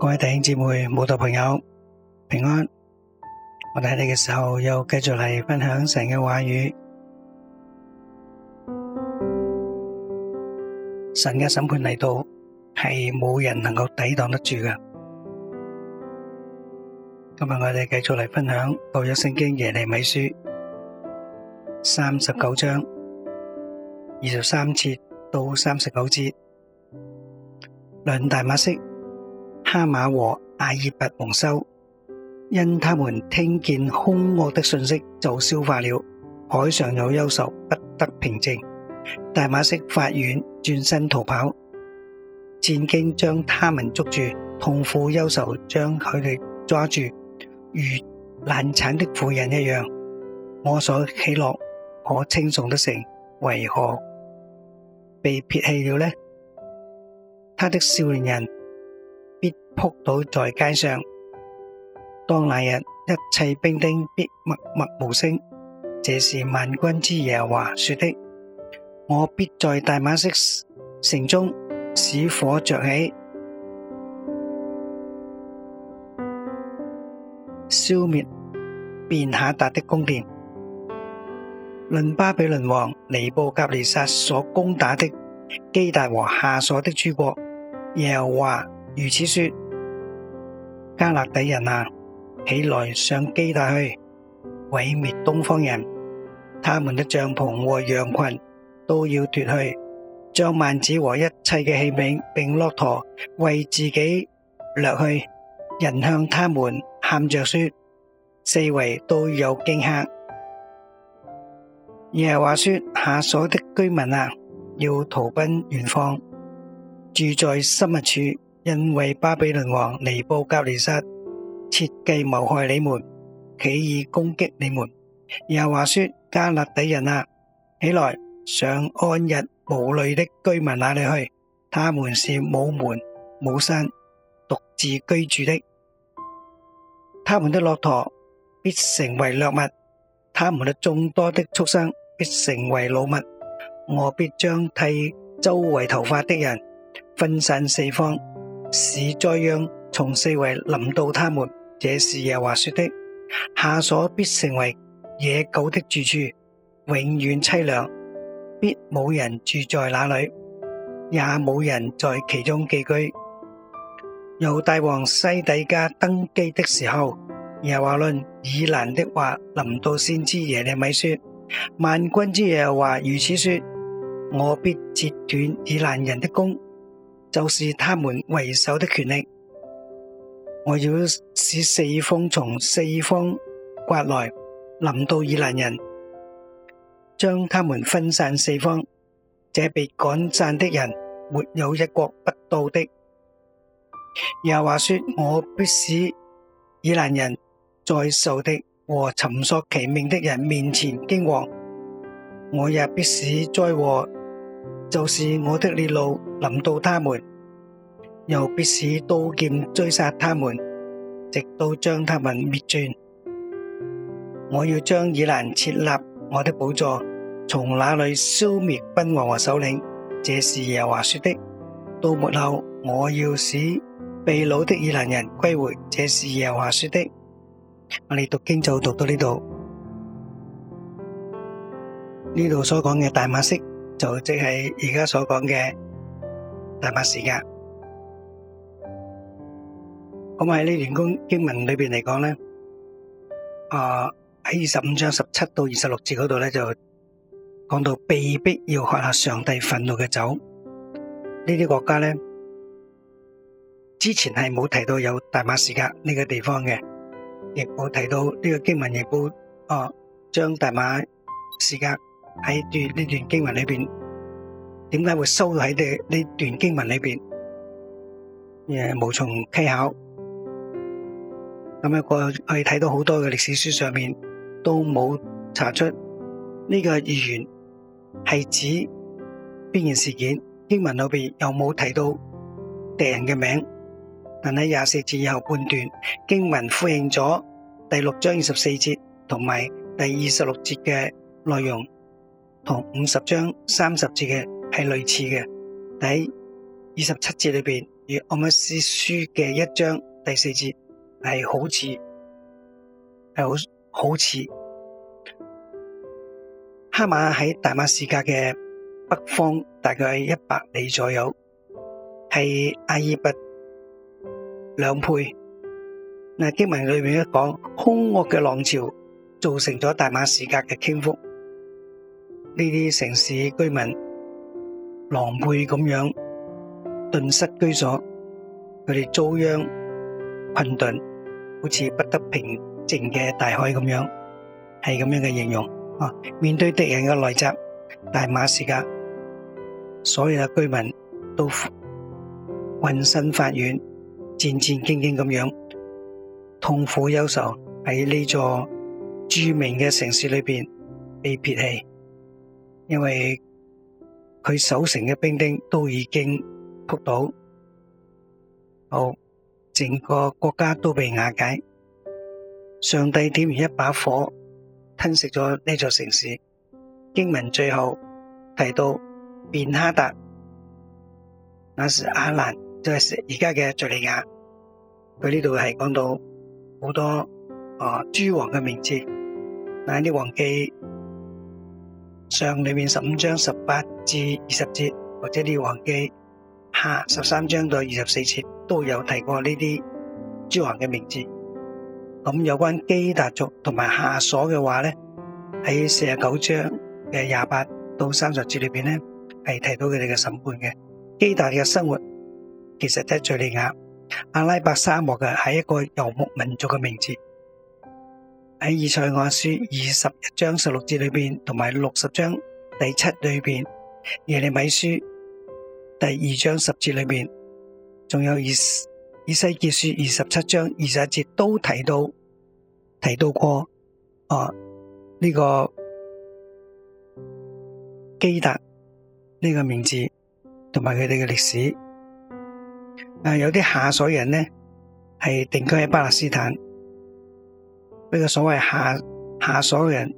各位弟兄姊妹、慕道朋友平安，我哋喺呢個時候又繼續嚟分享神嘅話語，神嘅審判嚟到係冇人能夠抵擋得住噶。今日我哋繼續嚟分享舊約聖經耶利米書三十九章二十三節到三十九節，兩大馬色。哈馬和亞珥拔蒙羞，因他們聽見凶惡的信息，就消化了。海上有憂愁，不得平靜。大馬色發顫轉身逃跑，戰兢將他們捉住，痛苦憂愁將佢哋抓住，如難產的婦人一樣。我所喜樂、可稱頌的城，為何被撇棄了呢？他的少年人，撲倒在街上。當那日一切兵丁必默默無聲，這是萬軍之耶和華說的。我必在大馬色城中使火着起，燒滅便哈達的宮殿。論巴比倫王尼布甲尼撒所攻打的基大和夏瑣的諸國，耶和華如此說。加勒底人啊，起來上基達去，毀滅東方人，他們的帳篷和羊群都要奪去，將幔子和一切嘅器皿並駱駝為自己掠去。人向他們喊着說：四圍都有驚嚇。耶話說下所的居民啊，要逃奔遠方，住在深密處。因為巴比倫王尼布甲尼撒設計謀害你們，起意攻擊你們，又話說加勒底人啊，起來上安逸無慮的居民那、啊、裏去，他們是冇門冇山獨自居住的，他們的駱駝必成為掠物，他們的眾多的畜生必成為擄物，我必將剃周圍頭髮的人分散四方。使災殃從四圍臨到他們，這是耶華說的。下所必成為野狗的住處，永遠淒涼，必冇人住在那裡，也冇人在其中寄居。由大王西底家登基的時候，耶華論以蘭的話臨到先知耶利米說：萬軍之耶華如此說，我必截斷以蘭人的弓。就是他們為首的權力，我要使四風從四方颳來，臨到以攔人，將他們分散四方。這被趕散的人沒有一國不到的。又話說，我必使以攔人在仇敵和尋索其命的人面前驚惶，我也必使災禍就是我的烈怒臨到他們，又必使刀劍追殺他們，直到將他們滅絕。我要將以攔設立我的寶座，從那裡消滅君王和首領。這是耶和華說的。到末後，我要使被擄的以攔人歸回。這是耶和華說的。我哋讀經就讀到呢度，呢度所講嘅大馬色就即係而家所講嘅。大馬士革，咁喺呢段經經文裏邊嚟講咧，啊喺二十五章十七到二十六節嗰度咧，就講到被逼要喝下上帝憤怒嘅酒，呢啲國家咧之前係冇提到有大馬士革呢個地方嘅，亦冇提到呢個經文亦都啊將大馬士革喺段呢段經文裏邊。點解會收喺呢呢段經文裏邊？誒，無從稽考。咁樣過去睇到好多嘅歷史書上面都冇查出呢個預言係指邊件事件。經文裏邊又冇提到敵人嘅名，但喺廿四節以後半段經文呼應咗第六章二十四節同埋第二十六節嘅內容，同五十章三十節嘅。係類似嘅，喺二十七節裏邊，與《阿摩司書》嘅一章第四節係好似，係好好似。哈馬喺大馬士革嘅北方，大概一百里左右，係阿爾拔兩倍。嗱，經文裏面一講，兇惡嘅浪潮造成咗大馬士革嘅傾覆，呢啲城市居民。狼狽咁樣頓失居所，佢哋遭殃困頓，好似不得平靜嘅大海咁樣，係咁樣嘅形容啊！面對敵人嘅來襲，大馬士革所有嘅居民都渾身發軟、戰戰兢兢咁樣，痛苦憂愁喺呢座著名嘅城市裏邊被撇棄，因為。佢守城嘅兵丁都已經撲到，好，整個國家都被瓦解。上帝點燃一把火，吞食咗呢座城市。經文最後提到便哈達，那是阿蘭，就係而家嘅敘利亞。佢呢度係講到好多啊諸、哦、王嘅名字，有啲忘記。上裏面十五章十八至二十節，或者列王記下十三章到二十四節都有提過呢啲諸王嘅名字。咁有關基達族同埋夏瑣嘅話咧，喺四十九章嘅廿八到三十節裏邊咧係提到佢哋嘅審判嘅。基達嘅生活其實喺敘利亞阿拉伯沙漠嘅係一個游牧民族嘅名字。喺以賽亞書二十一章十六節裏邊，同埋六十章第七裏邊，耶利米書第二章十節裏邊，仲有以以西結書二十七章二十一節都提到提到過啊呢個基達呢個名字同埋佢哋嘅歷史。啊，有啲下水人呢，係定居喺巴勒斯坦。呢個所謂下下所有人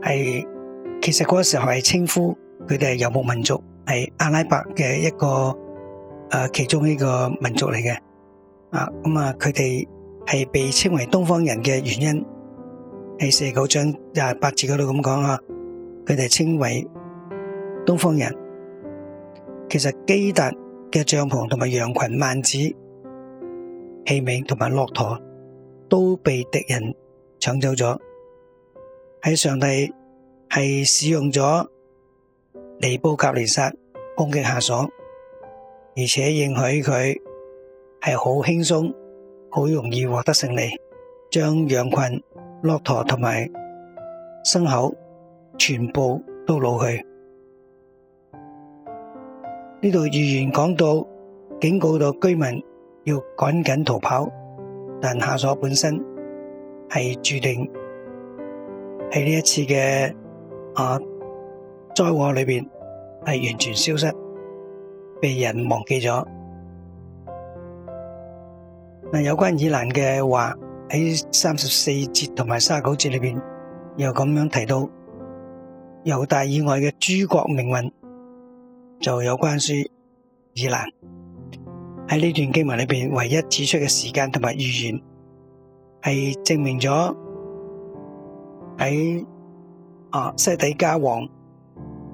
係，其實嗰個時候係稱呼佢哋係游牧民族，係阿拉伯嘅一個誒、呃、其中一個民族嚟嘅。啊，咁、嗯、啊，佢哋係被稱為東方人嘅原因，喺四九章廿八字嗰度咁講啊，佢哋稱為東方人。其實基達嘅帳篷同埋羊群，幔子器皿同埋駱駝。都被敵人搶走咗。喺上帝係使用咗尼布甲尼撒攻擊夏瑣，而且應許佢係好輕鬆、好容易獲得勝利，將羊群、駱駝同埋牲口全部都擄去。呢度預言講到，警告到居民要趕緊逃跑。但夏所本身係注定喺呢一次嘅啊災禍裏邊係完全消失，被人忘記咗。嗱，有關以蘭嘅話喺三十四節同埋三十九節裏邊又咁樣提到，由大以外嘅諸國命運就有關於以蘭。喺呢段經文裏邊，唯一指出嘅時間同埋預言，係證明咗喺啊西底家王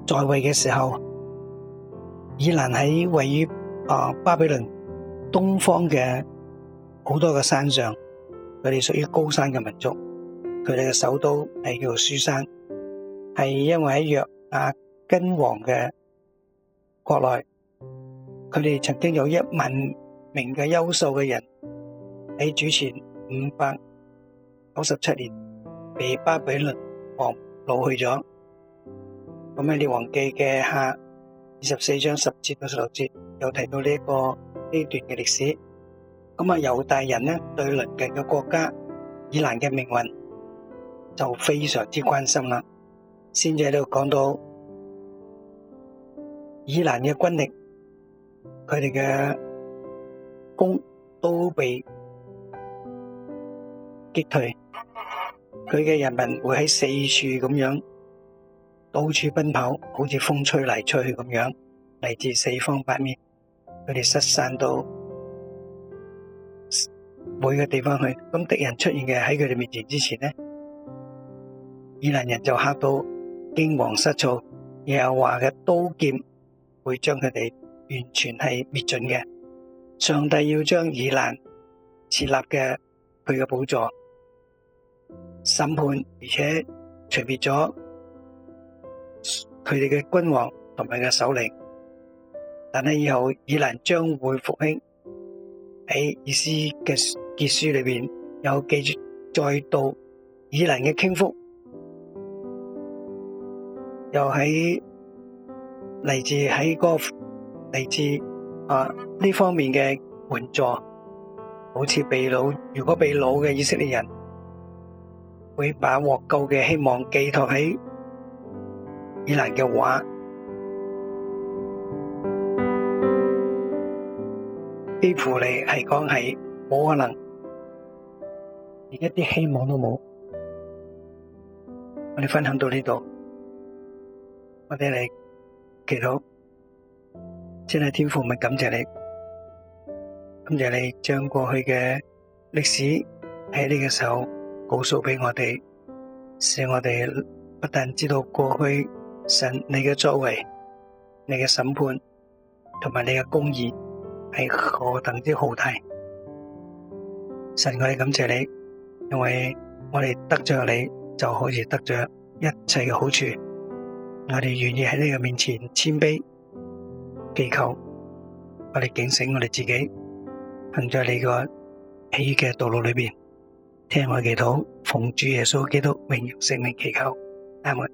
在位嘅時候，以攔喺位於啊巴比倫東方嘅好多嘅山上，佢哋屬於高山嘅民族，佢哋嘅首都係叫做書山，係因為喺約阿根王嘅國內。佢哋曾經有一萬名嘅優秀嘅人喺主前五百九十七年，被巴比倫王老去咗。咁喺列王記嘅下二十四章十節到十六節，又提到呢一個呢段嘅歷史。咁啊，猶大人呢對鄰近嘅國家以蘭嘅命運就非常之關心啦。先至喺度講到以蘭嘅軍力。佢哋嘅弓都被擊退，佢嘅人民會喺四處咁樣，到處奔跑，好似風吹嚟吹去咁樣，嚟自四方八面，佢哋失散到每個地方去。咁敵人出現嘅喺佢哋面前之前呢，以攔人就嚇到驚惶失措，又有話嘅刀劍會將佢哋。完全係滅盡嘅，上帝要將以蘭設立嘅佢嘅寶座審判，而且除滅咗佢哋嘅君王同埋嘅首領。但係以後以蘭將會復興，喺以斯嘅結書裏邊又記住，再度以蘭嘅傾覆，又喺嚟自喺嗰個。嚟自啊呢方面嘅援助，好似被擄，如果被擄嘅以色列人會把獲救嘅希望寄託喺以蘭嘅話，幾乎你係講係冇可能，連一啲希望都冇。我哋分享到呢度，我哋嚟祈禱。真係天父，唔係感謝你，感謝你將過去嘅歷史喺呢個時候告訴俾我哋，使我哋不但知道過去神你嘅作為、你嘅審判同埋你嘅公義係何等之浩大。神，我哋感謝你，因為我哋得着你，就可以得着一切嘅好處。我哋願意喺你嘅面前謙卑。祈求，我哋警醒我哋自己，行在你個起嘅道路裏邊，聽我祈禱，奉主耶穌基督名，性命祈求，阿門。